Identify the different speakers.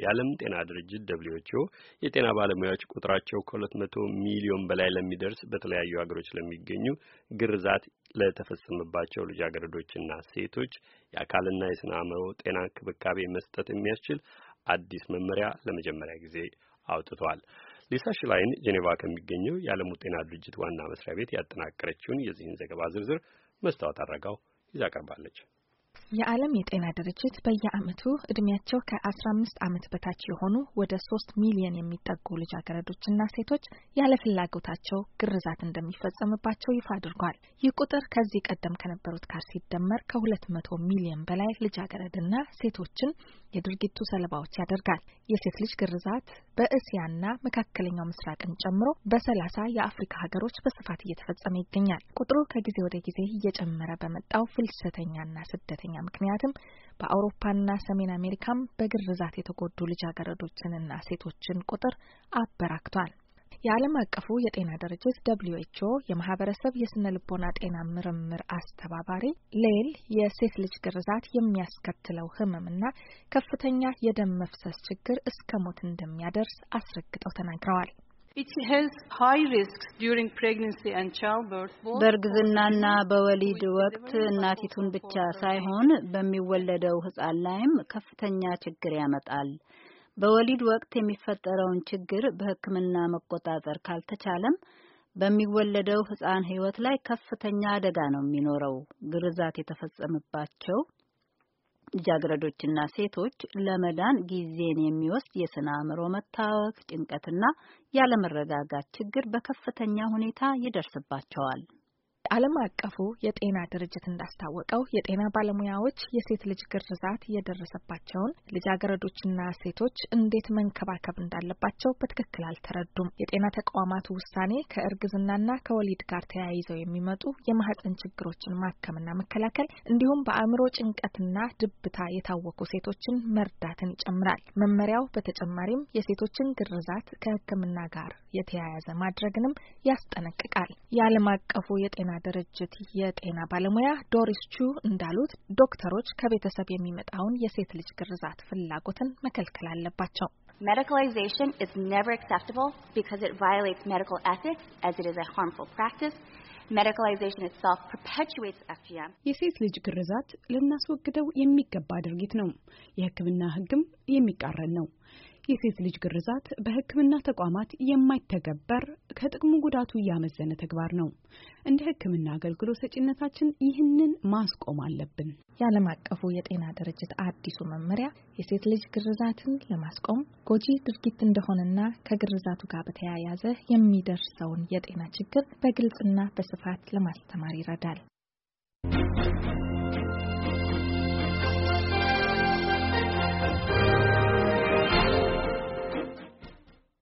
Speaker 1: የዓለም ጤና ድርጅት ደብሊውኤችኦ የጤና ባለሙያዎች ቁጥራቸው ከሁለት መቶ ሚሊዮን በላይ ለሚደርስ በተለያዩ ሀገሮች ለሚገኙ ግርዛት ለተፈጸመባቸው ልጃገረዶችና ሴቶች የአካልና የስነ አእምሮ ጤና እንክብካቤ መስጠት የሚያስችል አዲስ መመሪያ ለመጀመሪያ ጊዜ አውጥቷል። ሊሳ ሽላይን ጄኔቫ ከሚገኘው የዓለሙ ጤና ድርጅት ዋና መስሪያ ቤት ያጠናቀረችውን የዚህን ዘገባ ዝርዝር መስታወት አድረጋው ይዛ ቀርባለች።
Speaker 2: የዓለም የጤና ድርጅት በየዓመቱ እድሜያቸው ከ15 ዓመት በታች የሆኑ ወደ 3 ሚሊዮን የሚጠጉ ልጃገረዶችና ሴቶች ያለ ፍላጎታቸው ግርዛት እንደሚፈጸምባቸው ይፋ አድርጓል። ይህ ቁጥር ከዚህ ቀደም ከነበሩት ጋር ሲደመር ከ200 ሚሊዮን በላይ ልጃገረድና ሴቶችን የድርጊቱ ሰለባዎች ያደርጋል። የሴት ልጅ ግርዛት በእስያና መካከለኛው ምስራቅን ጨምሮ በሰላሳ የአፍሪካ ሀገሮች በስፋት እየተፈጸመ ይገኛል። ቁጥሩ ከጊዜ ወደ ጊዜ እየጨመረ በመጣው ፍልሰተኛና ስደተኛ ምክንያትም በአውሮፓና ሰሜን አሜሪካም በግርዛት የተጎዱ ልጃገረዶችንና ሴቶችን ቁጥር አበራክቷል። የዓለም አቀፉ የጤና ድርጅት ደብሊዩ ኤች ኦ የማህበረሰብ የስነ ልቦና ጤና ምርምር አስተባባሪ ሌል የሴት ልጅ ግርዛት የሚያስከትለው ህመምና ከፍተኛ የደም መፍሰስ ችግር እስከ ሞት እንደሚያደርስ አስረግጠው
Speaker 3: ተናግረዋል።
Speaker 4: በእርግዝናና
Speaker 3: በወሊድ ወቅት እናቲቱን ብቻ ሳይሆን በሚወለደው ሕፃን ላይም ከፍተኛ ችግር ያመጣል። በወሊድ ወቅት የሚፈጠረውን ችግር በሕክምና መቆጣጠር ካልተቻለም በሚወለደው ሕፃን ሕይወት ላይ ከፍተኛ አደጋ ነው የሚኖረው። ግርዛት የተፈጸመባቸው ልጃገረዶችና ሴቶች ለመዳን ጊዜን የሚወስድ የስነ አእምሮ መታወክ፣ ጭንቀትና ያለመረጋጋት ችግር በከፍተኛ ሁኔታ ይደርስባቸዋል። ዓለም አቀፉ የጤና ድርጅት እንዳስታወቀው የጤና ባለሙያዎች የሴት ልጅ ግርዛት
Speaker 2: የደረሰባቸውን ልጃገረዶችና ሴቶች እንዴት መንከባከብ እንዳለባቸው በትክክል አልተረዱም። የጤና ተቋማቱ ውሳኔ ከእርግዝናና ከወሊድ ጋር ተያይዘው የሚመጡ የማህፀን ችግሮችን ማከምና መከላከል እንዲሁም በአእምሮ ጭንቀትና ድብታ የታወቁ ሴቶችን መርዳትን ይጨምራል። መመሪያው በተጨማሪም የሴቶችን ግርዛት ከሕክምና ጋር የተያያዘ ማድረግንም ያስጠነቅቃል። የዓለም አቀፉ የጤና ድርጅት የጤና ባለሙያ ዶሪስ ቹ እንዳሉት ዶክተሮች ከቤተሰብ የሚመጣውን የሴት ልጅ ግርዛት ፍላጎትን መከልከል አለባቸው።
Speaker 3: Medicalization is never acceptable because it violates medical ethics as it is a harmful practice. Medicalization itself perpetuates FGM.
Speaker 4: የሴት ልጅ ግርዛት ልናስወግደው የሚገባ ድርጊት ነው። የሕክምና ሕግም የሚቃረን ነው። የሴት ልጅ ግርዛት በሕክምና ተቋማት የማይተገበር ከጥቅሙ ጉዳቱ እያመዘነ ተግባር ነው። እንደ ሕክምና አገልግሎት ሰጪነታችን ይህንን ማስቆም አለብን። የዓለም አቀፉ የጤና ድርጅት
Speaker 2: አዲሱ መመሪያ የሴት ልጅ ግርዛትን ለማስቆም ጎጂ ድርጊት እንደሆነና ከግርዛቱ ጋር በተያያዘ የሚደርሰውን የጤና ችግር በግልጽና በስፋት ለማስተማር ይረዳል።